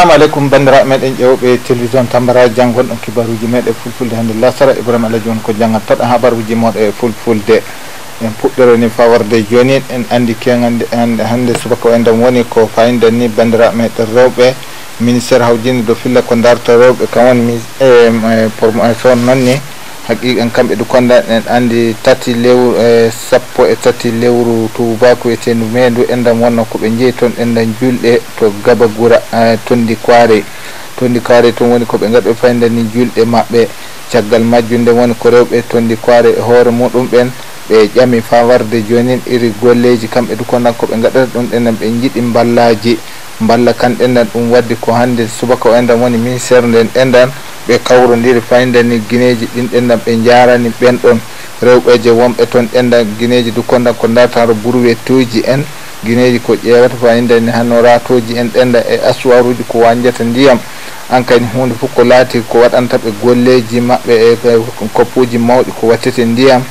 assalamu aleykum bandiraɓe meɗen ƴewɓe télévision tambara jangol ɗon kibaruji meɗe fulfulde hannde lasara ibrahima alaji won ko janggal toɗa habaruji moɗo e fulfulde en puɗɗero ni fawarde joni en andi kegande ande hannde subaka o enden woni ko fayinde ni bandiraɓe meɗen rewɓe ministére hawjinde do filla ko darta rewɓe kam woni e, e, pormation noon ni haqiqan kamɓe du kondaɗen andi tati lew e sappo e tati lewru tubako wiyetendu mendu endam wonno koɓe jeeyi toon endan julɗe to gaba gura e, tondi kuare tondi kuare toon woni koɓe gaɗo fayda ni julɗe mabɓe caggal majjunde woni ko rewɓe tondi kuare e hoore muɗum ɓen ɓe ƴami fa warde jonin iri golleji kamɓe du kondan koɓe gaɗata ɗum ɗenan ɓe jiiɗi mballaji mballa kan ɗendan ɗum waddi ko hande subaka o endan woni ministére nden ɗendan ɓe kawrodiri fayde ni guineji ɗin ɗendam ɓe jarani ɓen ɗon rewɓeje wonɓe toon ɗenda guineji dukkondam ko dataro bourwe toji en guineji ko ƴeweta fayidani hanno ratoji en ɗenda e assoir uji ko wanjata ndiyam an kadi hunde fof ko laati ko waɗanta ɓe golleji maɓɓe e koppuji mawɗi ko wattete ndiyam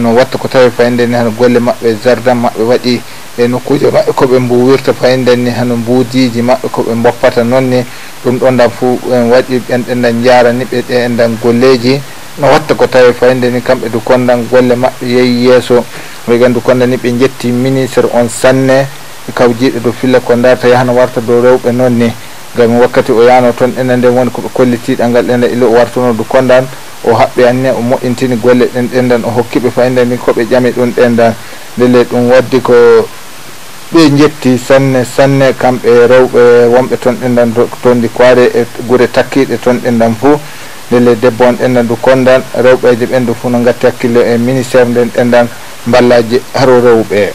no watta ko tawi fayidani hano golle maɓɓe jardan maɓɓe waɗi e nokkuji maɓɓe koɓe mbuwirta fayidani hano mbuudiji maɓɓe koɓe mboppata noon ni ɗum ɗon ɗan fo en waɗi ɓen ɗenɗan jarani ɓe ɗe enɗan golleji no watta ko tawi fayde ni kamɓe du kondan golle maɓɓe yeehi yesso ɓe gandu konda ni ɓe jetti ministre on sanne kawjiɗo dow filla ko darta yahano warta dow rewɓe noon ni gam wakkati o yano toon ene nden woni koɓe kollitiɗal ngal ɗenɗa ilo o wartuno du kondan o haɓɓe anne o moƴƴintini golle ɗen ɗendan o hokkiɓe fayde ni koɓe ƴami ɗum ɗendan ndele ɗum waddi ko ɓe jetti sanne sanne kamɓe rewɓe wonɓe tonɗe ndan toon di kuare e gure takkiɗe tonɗe ndan fo ndele debbo on ɗenɗan du kondan rewɓeje ɓendu fo no gatti hakkille e ministére nden ɗenɗan ballaji haro rewɓe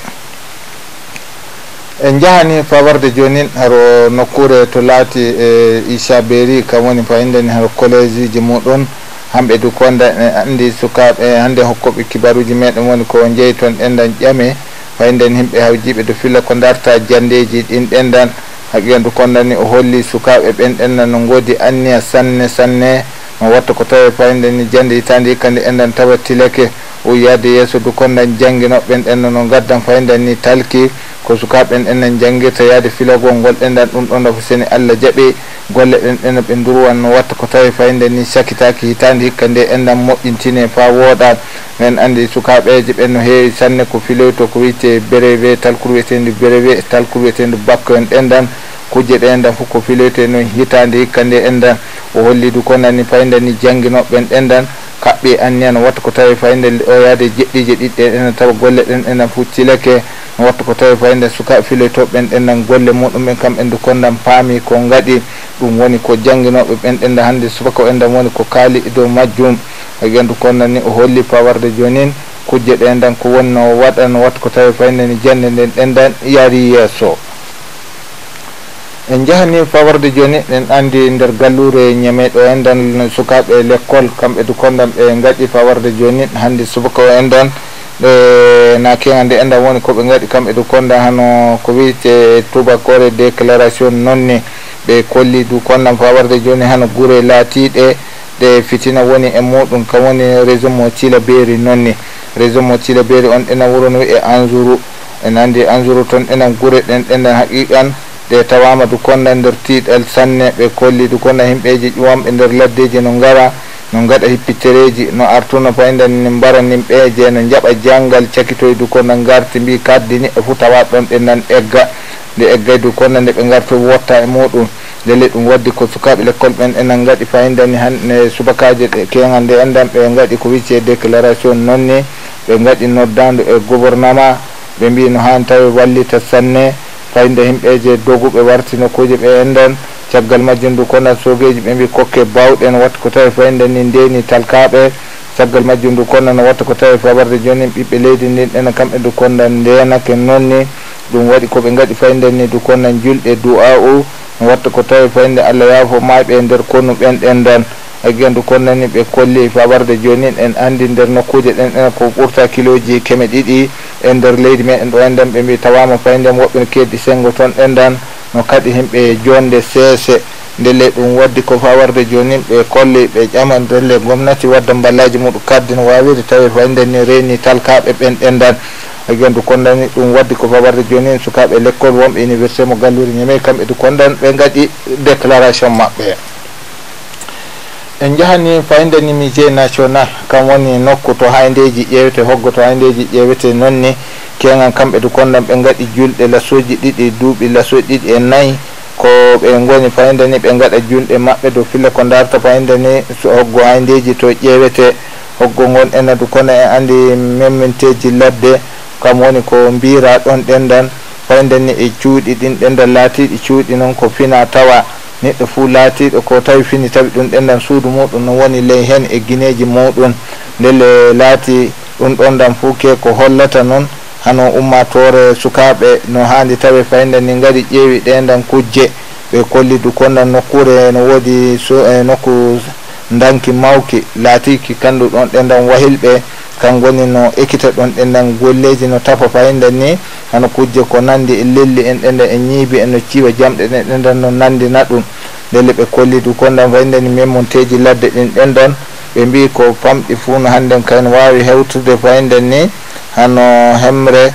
en jahani fawarde joni haro nokkure to laati e isa beri kam woni fayindani haro collége ji muɗon hamɓe du konda e andi sukaɓe hande hokkoɓe kibaruji meɗen woni ko jeeyi toon ɗenɗan ƴame fayden himɓe hawjiɓe to filla ko darta jandeji ɗin ɗendan haqiyandu kondani o holli sukaɓe ɓen ɗendan no goodi anniya sanne sanne mo watta ko tawe fayden ni jande hitandi kandi endan tawa tilake o yiyade yesso du kondañ jangi noɓɓen ɗen no gaddan fayndan ni talkir ko sukaɓen ɗennen jangirta yaade filagol ngol ɗendan ɗum ɗon dafo seni allah jaaɓe golle ɗen ɗenno ɓe durwanno watta ko tawi fayndan ni sakitaki hitande hikka nde enɗan moƴƴintine fa wooɗa men andi sukaɓeje ɓen no heewi sanne ko filoyto ko wiyte brevé talkour wiyetendu brevé talkour wiyetendu bakko en ɗendan kujje ɗenɗan fof ko filoyte noon hitande hikka nde enɗan o holli du kondanni fayndan ni jangginoɓɓen ɗenɗan kaɓɓi anni an watta ko tawi fayde oyaade jeɗɗiji ɗiɗɗe ɗenen tawa golle ɗen ɗenen fo cilake watta ko tawi fayde sukaɓe filoytoɓe ɓen ɗennan golle muɗum ɓen kamɓe nde kondan paami ko gaɗi ɗum woni ko jangguinoɓe ɓen ɗenda hannde subaka o e endan woni ko kaali e dow majjum gendu kondan ni o holli pawarde jonin kujje ɗe ndan ko wonno waɗan watta ko tawi fayde ni jande nden ɗendan yaari yesso en jahani fawarde joni en andi nder gallure ñame ɗo endan sukaɓe l' école kamɓe du kondam ɓe gaɗi fawarde joni hande subaka o endan ɗe na kega nde endan woni koɓe gaɗi kamɓe du konda hano ko wiyte tubakore déclaration nonni ɓe kolli du kondam fawarde joni hano guure laatiɗe ɗe fitina woni e muɗum ka woni région mo thila beri nonni région mo thila beri on ɗena wuro no wi e anjouru en andi anjouru ton ɗenan guure ɗen ɗendan haqiqan ɗe tawama du konna nder tiɗal sanne ɓe kolli du konna himɓeji ƴuwamɓe nder laddeji no gara no gaɗa hippitereji no artuno fayndan ni mbara nimɓeje no jaɓa janggal cakitoye du konna garti mbi kaddi niɗɗo fo tawa ɗon ɓe nan egga nde eggay du konna nde ɓe garto wotta e muɗum ndele ɗum waddi ko sukaɓe l'école ɓen enen gaɗi fayndani hanne subakaji ɗe kengal nde endan ɓe gaɗi ko wicce déclaration noon ni ɓe gaɗi noddandu e gouvernement ɓe mbi no hani tawi wallita sanne fayde himɓeje doguɓe warti nokkuji ɓe enden caggal majjum du konan sogueji ɓe mbi kokke bawɗen watta ko tawi fayde ni ndeni talkaɓe caggal majjum du konnan watta ko tawi fabarde joni ɓiɓɓe leydi ndin ɗena kamɓe du konnan ndenake nonni ɗum waɗi koɓe gaɗi fayde ni du konnan julɗe du'a u watta ko tawi fayde allah yaafo maɓe e nder konnu ɓen ɗendan eggen du konnani ɓe kolli fabarde joni en andi nder nokkuje ɗen ɗena ko ɓurta kiloji keme ɗiɗi e nder leydi meɗen ɗo enɗen ɓe mbi tawama fay nden woɓɓe keddi sengo toon ɗendan no kadi himɓe jonde seese ndele ɗum waddi ko fawarde jonin ɓe kolli ɓe ƴama ndelle gomnati wadda mballaji muɗum kadde no wawide tawi fay nden ni reni talkaɓe ɓen ɗendan e gendu kondani ɗum waddi ko fawarde jonin sukaɓe l' école wonɓe université mo gallori ñamei kamɓe du kondan ɓe gaɗi déclaration mabɓe en jahani fayde ni musée national kam woni nokku to haydeji ƴeewete hoggo to haydeji ƴeewete noon ni kegal kamɓe du konɗam ɓe gaɗi julɗe lasoji ɗiɗi duuɓi lasoji ɗiɗi e nayyi ko ɓe goni fayde ni ɓe gaɗa julɗe maɓɓe dow filla ko darta fayde ni hoggo haydeji to ƴeewete hoggo gon ena du kono e andi memminteji ladde kam woni ko mbira ɗon ɗendan fayde ni e cuuɗi ɗin ɗendan laatiɗi cuuɗi noon ko fina tawa neɗɗo fuu laatiɗo ko tawi fini tawi ɗum ɗenɗam suudu muɗum no woni ley hen e guineji muɗum ndele laati ɗum ɗon ɗam fuu ke ko hollata noon hano ummatore sukaɓe no handi tawe fayida ni gari ƴeewi ɗenɗam kujje ɓe kolli du konnan nokkure no woodi e nokku danki mawki laatiki kandu ɗon ɗenɗam wahilɓe kangoni no ekkita ɗon ɗenɗan golleji no tafa fayida ni hano kujje ko nandi e lelli en ɗenɗa e ñiibi en no ciiwa jamɗe ɗen ɗenɗan no nandina ɗum ndele ɓe kollidu kondan fayida ni memmonteji ladde ɗin ɗenɗon ɓe mbi ko famɗi fuu no hannden kayen wawi hewtude fayida ni hano hemre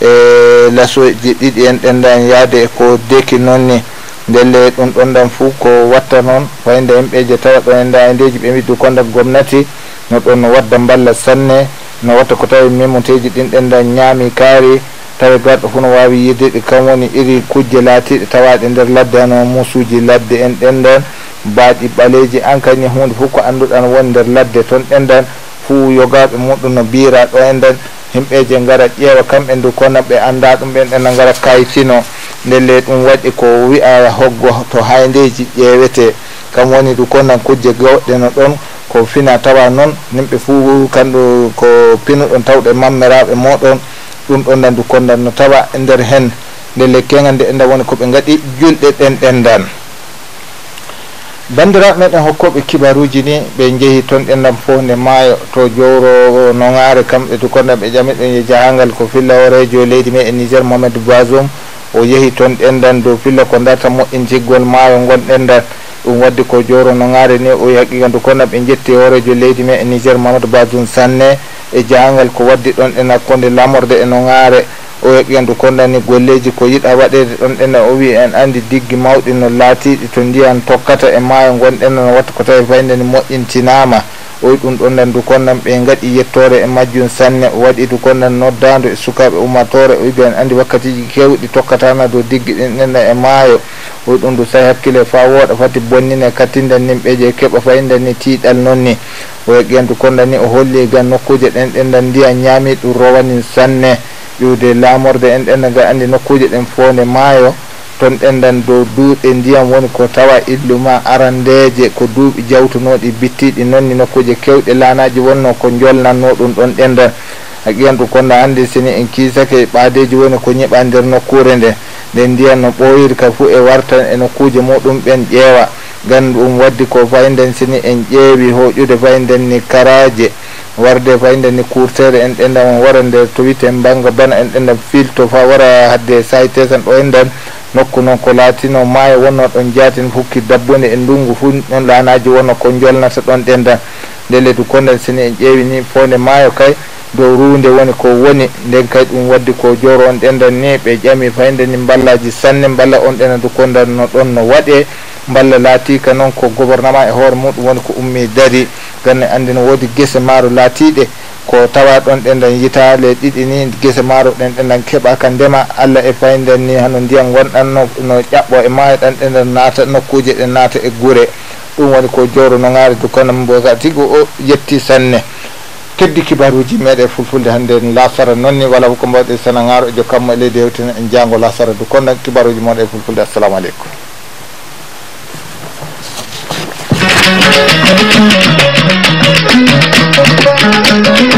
e lasoji ɗiɗi en ɗenɗa en yaade ko deki noon ni ndelle ɗum ɗon ɗan fuu ko watta noon fayida yimɓeje tawa ɗon en da e ndeji ɓe mbiddu kondan gomnati no ɗon no wadda mballa sanne no watta ko tawi memoteji ɗin ɗen da ñaami kaari tawi garɗo fo no wawi yiddeɗe kam woni iri kujje laatiɗe tawaɗe nder ladde hano musuji ladde en ɗen ɗon mbaɗi ɓaleji en kañi hunde fof ko annduɗan woni nder ladde toon ɗen ɗan fou yogaɓe muɗum no mbira ɗo en ɗan himɓeje gara ƴeewa kamɓe ndu kono ɓe anda ɗum ɓen ɗen no gara kaytino ndelle ɗum waɗi ko wi'a hoggo to haydeji ƴeewete kam woni ndu konnan kujje gawɗe no ɗon ko fina tawa noon yimɓe fo kamɗo ko pinuɗon tawɗe mammeraɓe moɗon ɗum ɗon dandu kondan no tawa e nder hen nde le kega nde enda woni koɓe gaɗi julɗe ɗen ɗendan bandiraɓe meɗen hokkoɓe kibaruji ni ɓe jeehi toon ɗendan fo nde maayo to jowro nogare kamɓe to kondan ɓe ƴamiɗon yo e jahangal ko filla orejo leydi meɗen niger mohamedou boisum o yehi toon ɗendan dow filla ko darta moƴƴin jiggol maayo gon ɗendan ɗum wadde ko joro nogare ni o haqiganto kono ɓe jetti horejo leydi me e niger mamadou badoun sanne e jangal ko waddi ɗon ɗen hakkode lamorde e nogare o haqiganto konɗani golleji ko yiiɗa waɗede ɗon ɗena o wi en andi diggi mawɗi no laatiɗi to ndiyan tokkata e maayo gonɗena no watta ko tawi fayndeni moƴƴintinama oy ɗum ɗon nan du konnan ɓe gaɗi yettore e majjum sanne waɗi du konnan noddadu e sukaɓe ummatore oy biyan andi wakkatiji kewɗi tokkatana dow diggi ɗin ɗenna e maayo oy ɗum du sawi hakkille fa wooɗa fati bonnine kattinden nin ɓeje keɓa fayinden ni tiiɗal noon ni oye gendu konnan ni o holli e gan nokkuje ɗen ɗenɗan ndiya ñaami ɗum rowanin sanne ƴiwde laamorde en ɗenna ga andi nokkuje ɗen fo nde maayo toon ɓendan dow duuɓe ndiyam woni ko tawa illuma arandeje ko duuɓi jawtunoɗi bittiɗi nonni nokkuje kewɗe lanaji wonno ko jolnanno ɗum ɗon ɗendan haqiyan ɗum konno hannde sini en kiisake ɓaadeji woni ko ñiɓa nder nokkure nde nde ndiyan no ɓoyiri ka fuu e wartan e nokkuje muɗum ɓen ƴeewa gan ɗum waddi ko fayinden sini en ƴeewi hoƴude fayinden ni karaje warde fayinden ni courtere en ɗendan on wara nder to wiite banga bana en ɗendan filto fa wara hadde sahi tesan ɗo en dan nokku noon ko laatino maayo wonno ɗon jaatin hukki dabbude e ndungu fu ɗon laanaji wonno ko jolnata ɗon ɗenda nde leydu konnel sini en ƴeewini fonde maayo kay dow ruunde woni ko woni nden kay ɗum waddi ko joro on ɗendan ni ɓe ƴami fayde ni mballaji sanne mballa on ɗena du kondal no ɗon no waɗe mballa laatika noon ko gouvernement e hoore muɗum woni ko ummi dari ganne anndi no woodi gese maaro laatiɗe ko tawa ɗon ɗen ɗan yita le ɗiɗi ni gese maaro ɗen ɗen ɗan keɓaka ndema allah e fayden ni hano ndiyam gonɗan no no ƴaɓɓo e maayo ɗan ɗen ɗan naata nokkuje ɗen naata e guure ɗum woni ko joro nogaari du kono mbosa tigo o yetti sanne keddi kibaruji meeɗe fulfulde hannde lasara noon ni wala ko mbawɗe sanagaro e jo kammo e leydi hewtina en jango lasara du kono kibaruji moɗe e fulfulde assalamu aleykum Thank you.